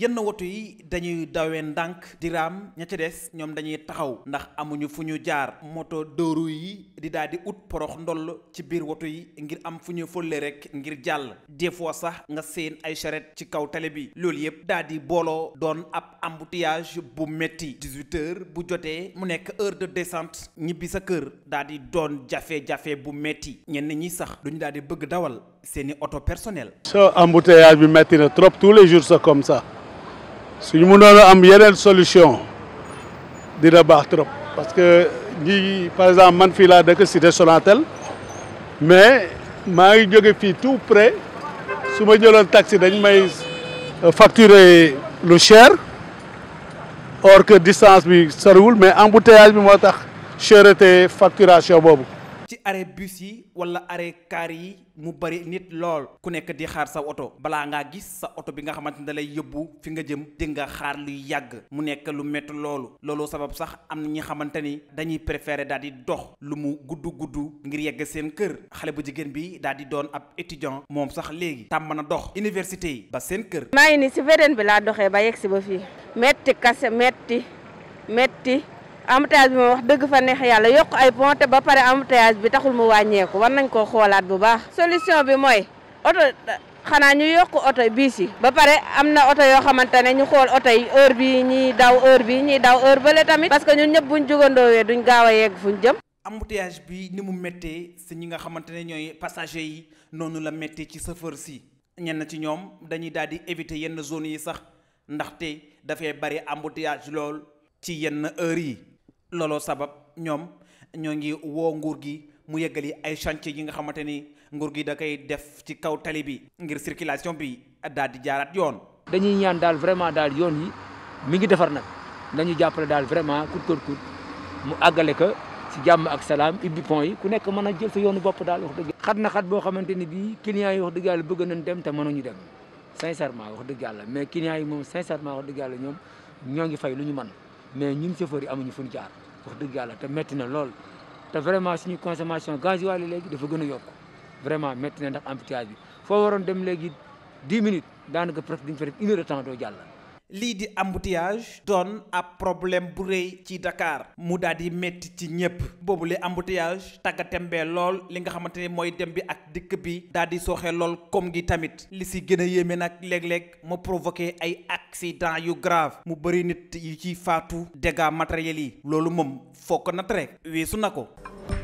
yenn woto yi dañuy dawee ndànk diram ña ca des ñoom dañuy taxaw ndax amuñu fu ñu jaar moto dóoru yi di daal di ut porox ndoll ci biir woto yi ngir am fu ñu fële rek ngir jàll des sax nga seen ay charrette ci kaw tali bi loolu yëpp daal di booloo doon ab embouteillage bu métti 18 bu jotee mu nekk heure de descente ñibbi sa kër daal di doon jafe-jafe bu métti ñenn ñi sax duñu daal di bëgg dawal seeni auto personnel. sa embouteillage bi métti na trop tous les jours c'est comme ça. suñu mënoon a am yeneen solution dina baax trop parce que ñi par exemple man fii laa dëkk cité Sonatel mais maa ngi jóge fii tout près su ma jëloon taxi dañ may euh, facturer lu cher or que distance bi soriwul mais embouteillage bi moo tax cherté facturation boobu si arrêt bus yi wala arrêt car yi mu bari nit lool ku nekk di xaar sa oto balaa ngaa gis sa oto bi nga xamante ne da lay yóbbu fi nga jëm di nga xaar luy yàgg mu nekk lu métti loolu loolu sabab sax am na ñi xamante ni dañuy préférer daal di dox lu mu gudd gudd ngir yegg seen kër xale bu jigéen bi daal di doon ab étudiant moom sax léegi tàmm na dox université yi ba seen kër. maa ni si védéen bi laa doxee ba yegg si ba fii metti kase metti metti. embouteillage bi moom wax dëgg fa neex yàlla yokk ay pont te ba pare embouteillage bi taxul mu wàññeeku war nañ koo xoolaat bu baax solution bi mooy oto xanaa ñu yokk oto biis yi ba pare am na oto yoo xamante ne ñu xool oto yi heure bi ñuy daw heure bi ñuy daw heure tamit parce que ñun ñëpp buñ jugandoowee duñ gaaw a yegg ñu jëm embouteillage bi ni mu méttee si ñi nga xamante ne ñooy passager yi noonu la méttee ci chauffeur si ñenn ci ñoom dañuy daal di éviter yenn zone yi sax ndaxte dafay bari embouteillage lool ci yenn heure yi looloo sabab ñoom ñoo ngi woo nguur gi mu yeggali ay chantier yi nga xamante ni nguur gi da koy def ci kaw tali bi ngir circulation bi daal di jaaraat yoon. dañuy ñaan daal vraiment daal yoon yi mi ngi defar nag nañu jàppale daal vraiment kut kut kut mu àggale ko ci jàmm ak salaam ubbi pont yi ku nekk mën a jël sa yoonu bopp daal wax dëgg. xat na boo xamante ni bii yi wax dëgg yàlla bëgg nañ dem te mënuñu dem sincèrement wax dëgg yàlla mais clients yi m sincèrement wax dëgg yàlla ñoom ñoo ngi fay lu ñu mën. mais ñun chauffeurs yi amuñu fu ñu jaar wax dëgg yàlla te métti na lool te vraiment suñu consommation gasoil yi léegi dafa gën a yokk vraiment métti na ndax embouteillage bi foo waroon dem léegi 10 minutes daanaka presque dañu fa def une heure de temps doo jàll lii di embouteillage doon ab problème bu rëy ci Dakar mu daal di métti ci ñépp boobu li embouteillage tàgga lool li nga xamante ni mooy dem bi ak dikk bi daal di sooxe lool comme gi tamit li si gën a yéeme nag léeg-léeg mu provoqué ay accident yu grave mu bëri nit yu ci faatu dégâts matériels yi loolu moom foog ko natt weesu na ko